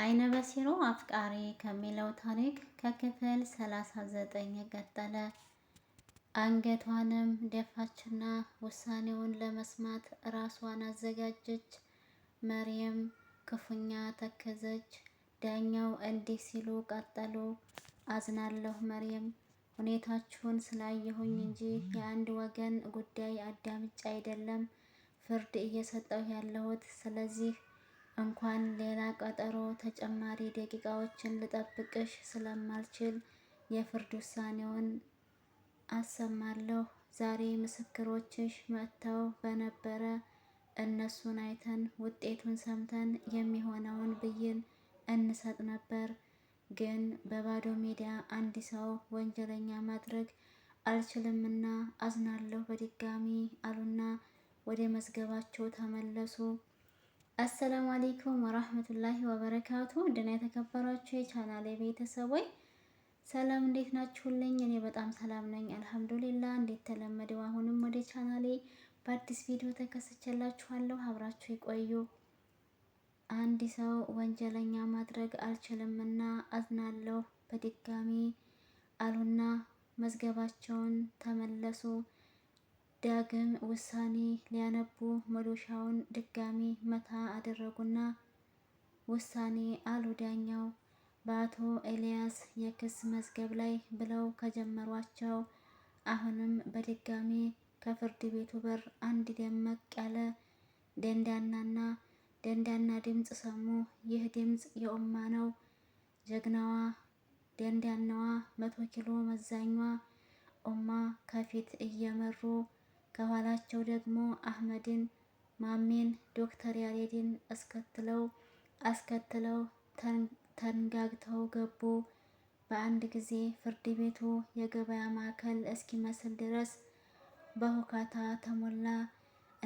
አይነ በሲሮ አፍቃሪ ከሚለው ታሪክ ከክፍል ሰላሳ ዘጠኝ የቀጠለ። አንገቷንም ደፋችና ውሳኔውን ለመስማት ራሷን አዘጋጀች። መርየም ክፉኛ ተከዘች። ዳኛው እንዲህ ሲሉ ቀጠሉ። አዝናለሁ መርየም፣ ሁኔታችሁን ስላየሁኝ እንጂ የአንድ ወገን ጉዳይ አዳምጭ አይደለም ፍርድ እየሰጠሁ ያለሁት። ስለዚህ እንኳን ሌላ ቀጠሮ ተጨማሪ ደቂቃዎችን ልጠብቅሽ ስለማልችል የፍርድ ውሳኔውን አሰማለሁ። ዛሬ ምስክሮችሽ መጥተው በነበረ እነሱን አይተን ውጤቱን ሰምተን የሚሆነውን ብይን እንሰጥ ነበር። ግን በባዶ ሜዳ አንድ ሰው ወንጀለኛ ማድረግ አልችልምና አዝናለሁ በድጋሚ አሉና ወደ መዝገባቸው ተመለሱ። አሰላሙ አሌይኩም ወራህመቱላሂ ወበረካቱ እንደና የተከበራችሁ የቻናሌ ቤተሰቦች ሰላም እንዴት ናችሁልኝ? እኔ በጣም ሰላም ነኝ አልሐምዱሊላ። እንዴት ተለመደው አሁንም ወደ ቻናሌ በአዲስ ቪዲዮ ተከስቼላችኋለሁ። አብራችሁ ይቆዩ። አንድ ሰው ወንጀለኛ ማድረግ አልችልምና አዝናለሁ በድጋሚ አሉና መዝገባቸውን ተመለሱ። ዳግም ውሳኔ ሊያነቡ መዶሻውን ድጋሚ መታ አደረጉና ውሳኔ አሉ ዳኛው በአቶ ኤልያስ የክስ መዝገብ ላይ ብለው ከጀመሯቸው አሁንም በድጋሚ ከፍርድ ቤቱ በር አንድ ደመቅ ያለ ደንዳናና ደንዳና ድምፅ ሰሙ። ይህ ድምፅ የኦማ ነው። ጀግናዋ ደንዳናዋ መቶ ኪሎ መዛኛ ኦማ ከፊት እየመሩ ከኋላቸው ደግሞ አህመድን፣ ማሜን፣ ዶክተር ያሬድን አስከትለው አስከትለው ተንጋግተው ገቡ። በአንድ ጊዜ ፍርድ ቤቱ የገበያ ማዕከል እስኪመስል ድረስ በሁካታ ተሞላ።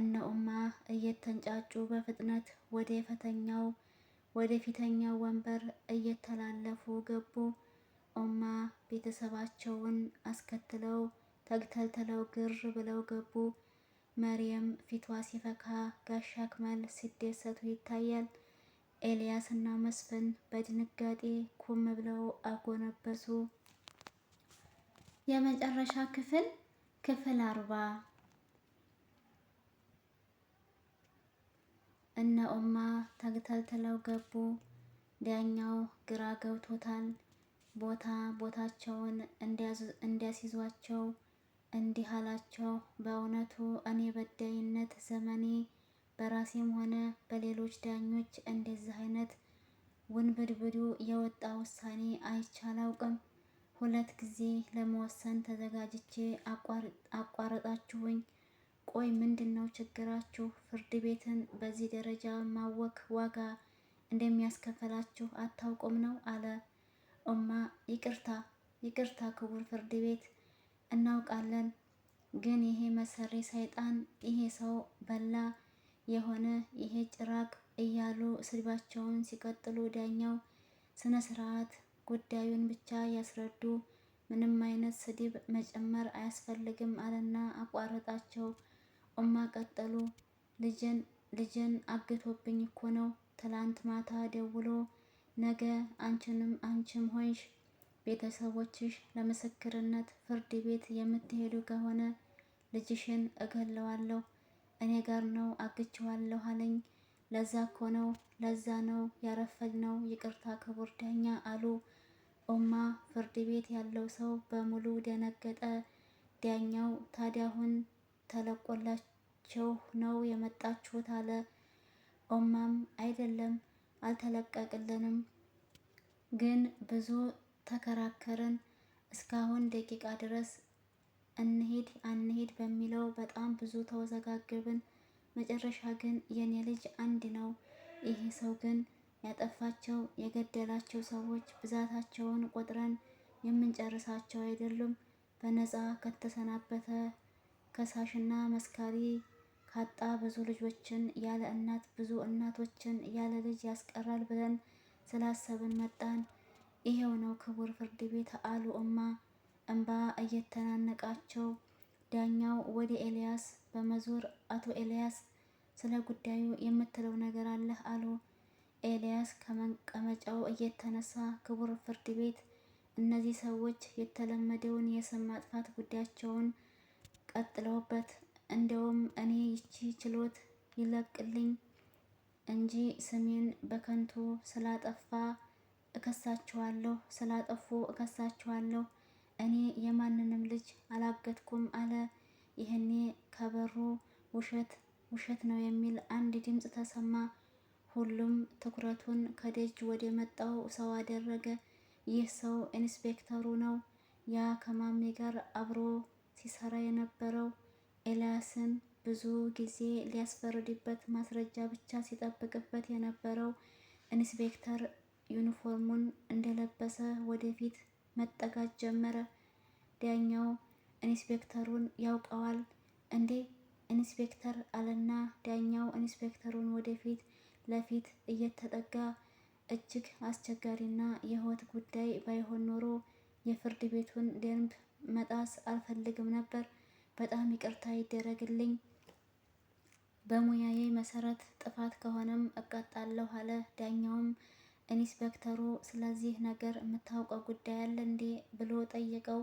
እነ ኡማ እየተንጫጩ በፍጥነት ወደ ፈተኛው ወደ ፊተኛው ወንበር እየተላለፉ ገቡ። ኡማ ቤተሰባቸውን አስከትለው ተግተልትለው ግር ብለው ገቡ። መርየም ፊቷ ሲፈካ፣ ጋሻ አክመል ሲደሰቱ ይታያል። ኤልያስ እና መስፍን በድንጋጤ ኩም ብለው አጎነበሱ። የመጨረሻ ክፍል ክፍል አርባ እነ ኦማ ተግተልትለው ገቡ። ዳኛው ግራ ገብቶታል። ቦታ ቦታቸውን እንዲያስይዟቸው እንዲህ አላቸው፣ በእውነቱ እኔ በዳይነት ዘመኔ በራሴም ሆነ በሌሎች ዳኞች እንደዚህ አይነት ውንብድብዱ የወጣ ውሳኔ አይቼ አላውቅም። ሁለት ጊዜ ለመወሰን ተዘጋጅቼ አቋረጣችሁኝ። ቆይ ምንድን ነው ችግራችሁ? ፍርድ ቤትን በዚህ ደረጃ ማወክ ዋጋ እንደሚያስከፈላችሁ አታውቁም ነው አለ። እማ ይቅርታ፣ ይቅርታ ክቡር ፍርድ ቤት እናውቃለን። ግን ይሄ መሰሪ ሰይጣን ይሄ ሰው በላ የሆነ ይሄ ጭራቅ እያሉ ስድባቸውን ሲቀጥሉ ዳኛው ስነ ስርዓት ጉዳዩን ብቻ ያስረዱ፣ ምንም አይነት ስድብ መጨመር አያስፈልግም አለና አቋረጣቸው። ኡማ ቀጠሉ። ልጅን ልጅን አግቶብኝ እኮ ነው ትላንት ማታ ደውሎ ነገ አንቺንም አንቺም ሆንሽ ቤተሰቦችሽ ለምስክርነት ፍርድ ቤት የምትሄዱ ከሆነ ልጅሽን እገለዋለሁ፣ እኔ ጋር ነው አግችዋለሁ አለኝ። ለዛ እኮ ነው ለዛ ነው ይቅርታ ክቡር ዳኛ አሉ። ኦማ ፍርድ ቤት ያለው ሰው በሙሉ ደነገጠ። ዳኛው ታዲያሁን ተለቆላቸው ነው የመጣችሁት አለ። ኦማም አይደለም አልተለቀቅልንም፣ ግን ብዙ ተከራከርን። እስካሁን ደቂቃ ድረስ እንሄድ አንሄድ በሚለው በጣም ብዙ ተወዘጋገብን። መጨረሻ ግን የኔ ልጅ አንድ ነው፣ ይሄ ሰው ግን ያጠፋቸው የገደላቸው ሰዎች ብዛታቸውን ቆጥረን የምንጨርሳቸው አይደሉም። በነፃ ከተሰናበተ ከሳሽና መስካሪ ካጣ ብዙ ልጆችን ያለ እናት ብዙ እናቶችን ያለ ልጅ ያስቀራል ብለን ስላሰብን መጣን። ይሄው ነው ክቡር ፍርድ ቤት አሉ እማ። እንባ እየተናነቃቸው ዳኛው ወደ ኤልያስ በመዞር አቶ ኤልያስ ስለ ጉዳዩ የምትለው ነገር አለህ አሉ። ኤልያስ ከመቀመጫው እየተነሳ ክቡር ፍርድ ቤት እነዚህ ሰዎች የተለመደውን የስም ማጥፋት ጉዳያቸውን ቀጥለውበት እንደውም እኔ ይቺ ችሎት ይለቅልኝ እንጂ ስሜን በከንቱ ስላጠፋ እከሳችኋለሁ፣ ስላጠፉ እከሳችኋለሁ። እኔ የማንንም ልጅ አላገትኩም አለ። ይህኔ ከበሩ ውሸት ውሸት ነው የሚል አንድ ድምፅ ተሰማ። ሁሉም ትኩረቱን ከደጅ ወደ መጣው ሰው አደረገ። ይህ ሰው ኢንስፔክተሩ ነው፣ ያ ከማሜ ጋር አብሮ ሲሰራ የነበረው ኤልያስን ብዙ ጊዜ ሊያስፈርድበት ማስረጃ ብቻ ሲጠብቅበት የነበረው ኢንስፔክተር ዩኒፎርሙን እንደለበሰ ወደፊት መጠጋት ጀመረ። ዳኛው ኢንስፔክተሩን ያውቀዋል እንዴ ኢንስፔክተር አለና ዳኛው ኢንስፔክተሩን ወደፊት ለፊት እየተጠጋ እጅግ አስቸጋሪና የህይወት ጉዳይ ባይሆን ኖሮ የፍርድ ቤቱን ደንብ መጣስ አልፈልግም ነበር። በጣም ይቅርታ ይደረግልኝ። በሙያዬ መሰረት ጥፋት ከሆነም እቀጣለሁ አለ። ዳኛውም ኢንስፔክተሩ ስለዚህ ነገር የምታውቀው ጉዳይ አለ እንዴ ብሎ ጠየቀው።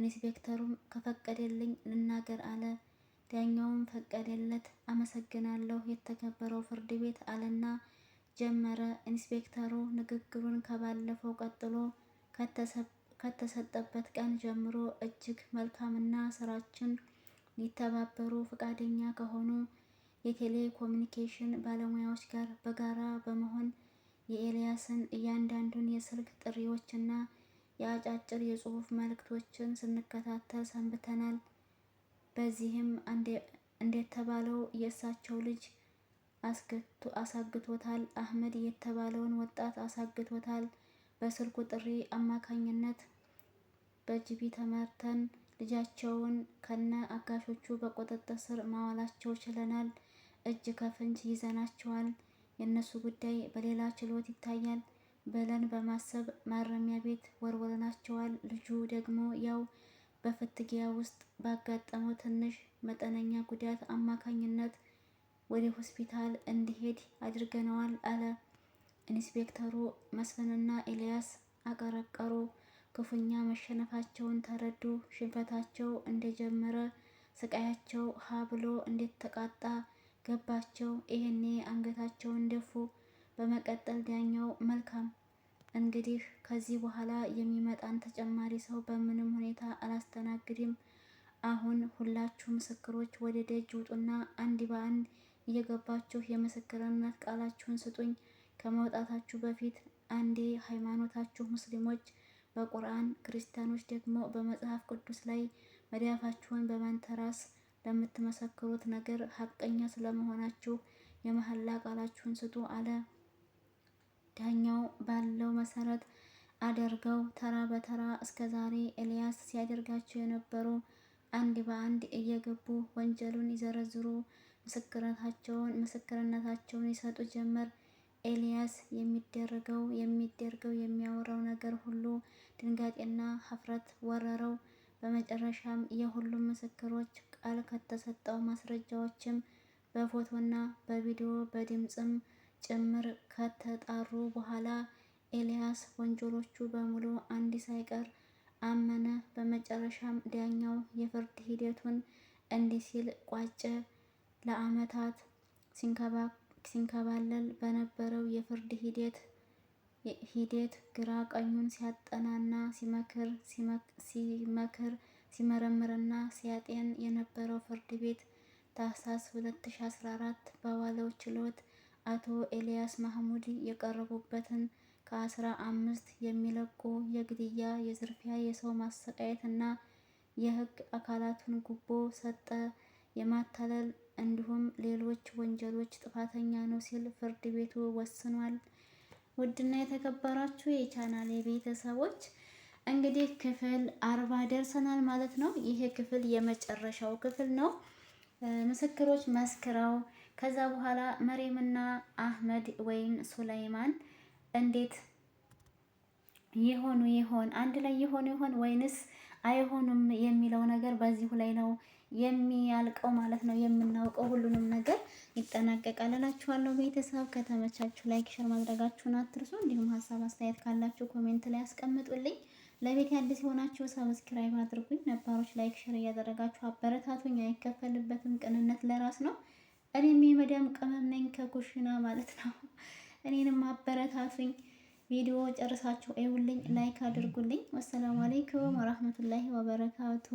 ኢንስፔክተሩም ከፈቀደልኝ ልናገር አለ። ዳኛውም ፈቀደለት። አመሰግናለሁ የተከበረው ፍርድ ቤት አለና ጀመረ። ኢንስፔክተሩ ንግግሩን ከባለፈው ቀጥሎ ከተሰጠበት ቀን ጀምሮ እጅግ መልካምና ስራችን ሊተባበሩ ፈቃደኛ ከሆኑ የቴሌኮሙኒኬሽን ባለሙያዎች ጋር በጋራ በመሆን የኤልያስን እያንዳንዱን የስልክ ጥሪዎችና የአጫጭር የጽሑፍ መልእክቶችን ስንከታተል ሰንብተናል። በዚህም እንደተባለው የእሳቸው ልጅ አሳግቶታል። አህመድ የተባለውን ወጣት አሳግቶታል። በስልኩ ጥሪ አማካኝነት በጅቢ ተመርተን ልጃቸውን ከነ አጋሾቹ በቁጥጥር ስር ማዋላቸው ችለናል። እጅ ከፍንጅ ይዘናቸዋል። የእነሱ ጉዳይ በሌላ ችሎት ይታያል ብለን በማሰብ ማረሚያ ቤት ወርወርናቸዋል። ልጁ ደግሞ ያው በፍትጊያ ውስጥ ባጋጠመው ትንሽ መጠነኛ ጉዳት አማካኝነት ወደ ሆስፒታል እንዲሄድ አድርገነዋል አለ። ኢንስፔክተሩ መስፍንና ኤልያስ አቀረቀሩ። ክፉኛ መሸነፋቸውን ተረዱ። ሽንፈታቸው እንደጀመረ ስቃያቸው ሀ ብሎ እንዴት ተቃጣ ገባቸው። ይሄኔ አንገታቸውን ደፉ። በመቀጠል ዳኛው መልካም እንግዲህ ከዚህ በኋላ የሚመጣን ተጨማሪ ሰው በምንም ሁኔታ አላስተናግድም። አሁን ሁላችሁ ምስክሮች ወደ ደጅ ውጡና አንድ በአንድ እየገባችሁ የምስክርነት ቃላችሁን ስጡኝ። ከመውጣታችሁ በፊት አንዴ ሃይማኖታችሁ ሙስሊሞች በቁርአን ክርስቲያኖች ደግሞ በመጽሐፍ ቅዱስ ላይ መዳፋችሁን በማንተራስ ለምትመሰክሩት ነገር ሀቀኛ ስለመሆናችሁ የመሐላ ቃላችሁን ስጡ አለ። ዳኛው ባለው መሰረት አደርገው ተራ በተራ እስከ ዛሬ ኤልያስ ሲያደርጋቸው የነበሩ አንድ በአንድ እየገቡ ወንጀሉን ይዘረዝሩ ምስክርነታቸውን ምስክርነታቸውን ይሰጡ ጀመር። ኤልያስ የሚደረገው የሚደርገው የሚያወራው ነገር ሁሉ ድንጋጤና ሀፍረት ወረረው። በመጨረሻም የሁሉም ምስክሮች ቃል ከተሰጠው ማስረጃዎችም በፎቶና በቪዲዮ በድምፅም ጭምር ከተጣሩ በኋላ ኤልያስ ወንጀሎቹ በሙሉ አንድ ሳይቀር አመነ። በመጨረሻም ዳኛው የፍርድ ሂደቱን እንዲህ ሲል ቋጨ። ለአመታት ሲንከባለል በነበረው የፍርድ ሂደት ሂደት ግራ ቀኙን ሲያጠናና ሲመክር ሲመክር ሲመረምርና ሲያጤን የነበረው ፍርድ ቤት ታህሳስ 2014 በዋለው ችሎት አቶ ኤልያስ ማህሙድ የቀረቡበትን ከ15 የሚለቁ የግድያ፣ የዝርፊያ፣ የሰው ማሰቃየት እና የህግ አካላቱን ጉቦ ሰጠ፣ የማታለል እንዲሁም ሌሎች ወንጀሎች ጥፋተኛ ነው ሲል ፍርድ ቤቱ ወስኗል። ውድና የተከበራችሁ የቻናሌ ቤተሰቦች እንግዲህ ክፍል አርባ ደርሰናል ማለት ነው። ይሄ ክፍል የመጨረሻው ክፍል ነው። ምስክሮች መስክረው ከዛ በኋላ መሬምና አህመድ ወይም ሱላይማን እንዴት የሆኑ ይሆን አንድ ላይ የሆኑ ይሆን ወይንስ አይሆኑም የሚለው ነገር በዚሁ ላይ ነው የሚያልቀው ማለት ነው። የምናውቀው ሁሉንም ነገር ይጠናቀቃል እላችኋለሁ። ቤተሰብ ከተመቻችሁ ላይክ፣ ሸር ማድረጋችሁን አትርሱ። እንዲሁም ሀሳብ አስተያየት ካላችሁ ኮሜንት ላይ አስቀምጡልኝ። ለቤት አዲስ የሆናችሁ ሰብስክራይብ አድርጉኝ። ነባሮች ላይክ፣ ሸር እያደረጋችሁ አበረታቱኝ። አይከፈልበትም። ቅንነት ለራስ ነው። እኔም የመዳም ቅመም ነኝ ከኩሽና ማለት ነው። እኔንም አበረታቱኝ። ቪዲዮ ጨርሳችሁ እዩልኝ፣ ላይክ አድርጉልኝ። ወሰላሙ አለይኩም ወራህመቱላሂ ወበረካቱ